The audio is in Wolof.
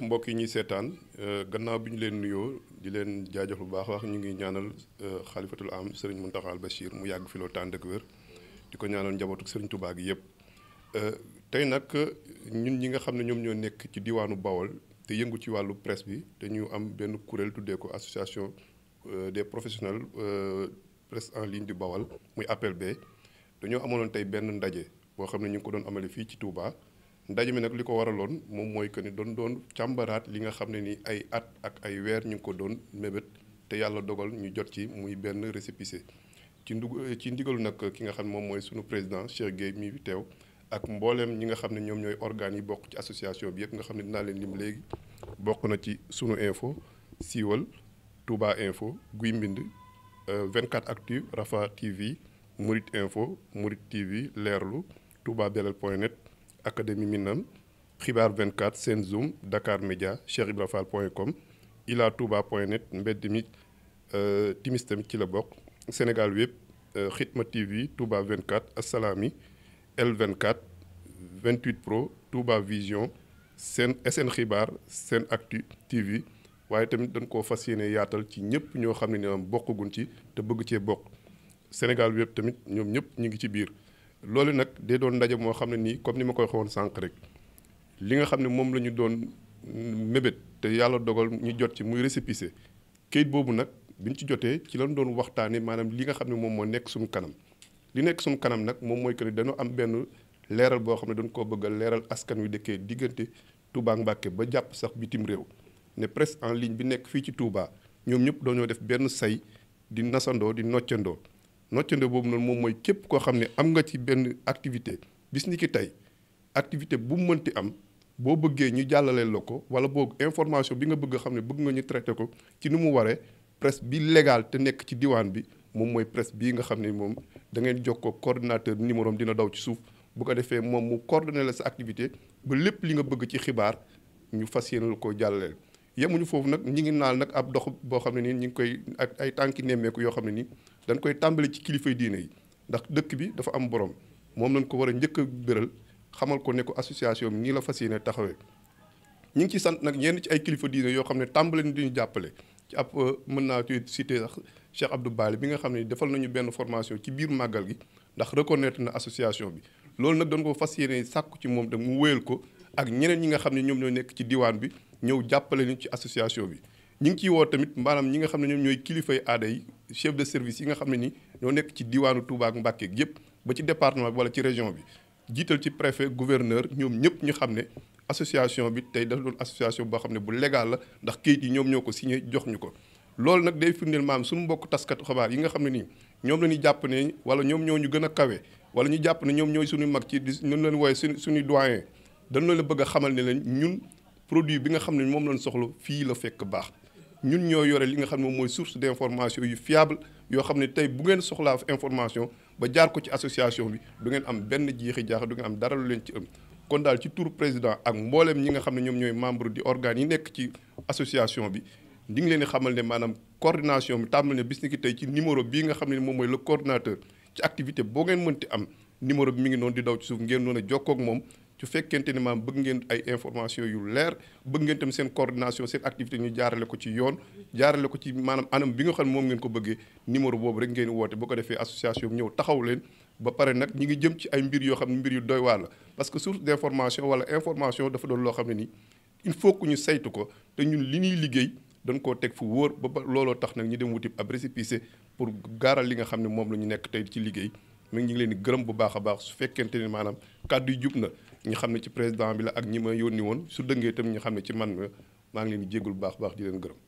mbokk yi ñuy seetaan euh, gannaaw bi ñu leen nuyoo di leen jaajëf bu baax wax ñu ngi ñaanal xalifatul euh, am sëriñ Muntaxa al Bachir mu yàgg fi loolu de dëkk wér di ko ñaanal njabootu sëriñ Tuubaa gi yëpp. Euh, tey nag ñun ñi nga xam ne ñoom ñoo nekk ci diwaanu Bawol te yëngu ci wàllu presse bi te ñu am benn kuréel tuddee ko association des professionnels presse en ligne di Bawol muy appel be dañoo amaloon tey benn ndaje boo xam ne ñu ngi ko doon amale fii ci Touba. ndaje mi nag li ko waraloon moom mooy que ni doon doon càmbaraat li nga xam ne ni ay at ak ay weer ñu ko doon mébét te yàlla dogal ñu jot ci muy benn récépissé ci ndug ci ndigalu nag ki nga xam ne moom mooy sunu président Cheikh Gueye mi teew ak mbooleem ñi nga xam ne ñoom ñooy organes yi bokk ci association bi yëpp nga xam ne dinaa leen lim léegi bokk na ci sunu info siiwal Touba info guy mbind euh, vingt 24 actu Rafa TV Murit info Murit TV leerlu Touba Belel point net académie Minane xibaar 24 seen zoom Dakar Média Cheikh Ibra Fall point com ila touba point net mbedd mi euh, timis tamit ci la bokk Sénégal web Xitma euh, TV Touba 24 Assalaamy L24 28 Pro Touba Vision seen SN xibaar seen actu TV waaye tamit dañ koo fas yéene yaatal ci ñëpp ñoo xam ne ñoom bokkaguñ ci te bëgg cee bokk Sénégal web tamit ñoom ñëpp ñu ngi ci biir. loolu nag de doon ndaje moo xam ne nii comme ni ma koy waxoon sànq rek li nga xam ne moom la ñu doon mébét te yàlla dogal ñu jot ci muy récépissé kayit boobu nag bi ñu ci jotee ci lañ doon waxtaanee maanaam li nga xam ne moom moo nekk suñu kanam li nekk sum kanam nag moom mooy que ne dañoo am benn leeral boo xam ne dañ koo bëgg a leeral askan wi dëkkee diggante Touba Mbacké ba jàpp sax bitim réew ne presque en ligne bi nekk fii ci Touba ñoom ñëpp dañoo def benn say di nasandoo di noccandoo. noccandoo boobu noonu moom mooy képp koo xam ne am nga ci benn activité bis ni tey activité bu mu mënti am boo bëggee ñu jàllaleel la ko wala boog information bi nga bëgg xam ne bëgg nga ñu traité ko ci ni mu waree presse bi légal te nekk ci diwaan bi moom mooy presse bii nga xam ne moom da ngeen jokkoo coordinateur numéro dina daw ci suuf bu ko defee moom mu coordonné la sa activité ba lépp li nga bëgg ci xibaar ñu fas yéene ko jàllaleel. yemuñu foofu nag ñu ngi naal nag ab dox boo xam ne nii ñu ngi koy ak ay tànki nemmeeku yoo xam ne nii dañ koy tàmbali ci kilifay diine yi ndax dëkk bi dafa am borom moom lañ ko war a njëkk biral xamal ko ne ko association bi nii la fas yéene taxawee ñu ngi ci sant nag ñenn ci ay kilifa diine yoo xam ne tàmbali ni duñu jàppale ci ab euh, mën naa ci cité sax Cheikh Abdou Bali bi nga xam ne defal nañu benn formation ci biir màggal gi ndax reconnaître na association bi loolu nag dañ ko fas yéene sàkku ci moom te mu wéyal ko ak ñeneen ñi nga xam ne ñoom ñoo nekk ci diwaan bi ñëw jàppale ñu ci association bi ñu ngi ciy woo tamit maanaam ñi nga xam ne ñoom ñooy kilifay aada yi chef de service yi nga xam ne ni ñoo nekk ci diwaanu Touba ak Mbàkke yëpp ba ci département bi wala ci région bi jiital ci préfet gouverneur ñoom ñëpp ñu xam ne association bi tey dafa doon association boo xam ne bu légal la ndax kayit yi ñoom ñoo ko signé jox ñu ko. loolu nag day firndeel maam suñu mbokk taskatu xabaar yi nga xam ne nii ñoom la ñuy jàpp ne wala ñoom ñoo ñu gën a kawe wala ñu jàpp ne ñoom ñooy suñu mag ci di ñu leen wooye suñu suñu doyen dañu la bëgg a xamal ne leen ñun produit bi nga xam ne moom lañ soxla fii la fekk baax ñun ñoo yore li nga xam ne moom mooy source d' information yu fiable yoo xam ne tey bu ngeen soxlaa information ba jaar ko ci association bi du ngeen am benn jeexi jaax du ngeen am dara lu leen ci ëm kon daal ci tour président ak mbooleem ñi nga xam ne ñoom ñooy membre di organes yi nekk ci association bi di ngi leen di xamal ne maanaam coordination bi tàmbali na bis ni ki tey ci numéro bii nga xam ne moom mooy la coordinateur ci activité boo ngeen mënti am numéro bi mi ngi noonu di daw ci suuf a jokkoo ak moom su fekkente ni maam bëgg ngeen ay information yu leer bëgg ngeen tam seen coordination seen activité ñu jaarale ko ci yoon jaarale ko ci maanaam anam bi nga xam ne moom ngeen ko bëggee numéro boobu rek ngeen woote bu ko defee association bi ñëw taxaw leen pare nag ñi ngi jëm ci ay mbir yoo xam ne mbir yu doy parce que source d'information wala information dafa loo xam ne nii il faut que ñu saytu ko te ñun li ñuy liggéey dañ koo teg fu wóor ba looloo tax nag ñu dem wuti ab récépissé pour gaaral li nga xam ne moom la ñu nekk tey ci liggéey mi ngi leen di gërëm bu baax a baax su fekkente ni maanaam kàddu jub na ñu xam ne ci président bi la ak ñi ma yónni woon su dëngee itam ñu xam ne ci man maa ngi leen di jégalu bu baax baax di leen gërëm.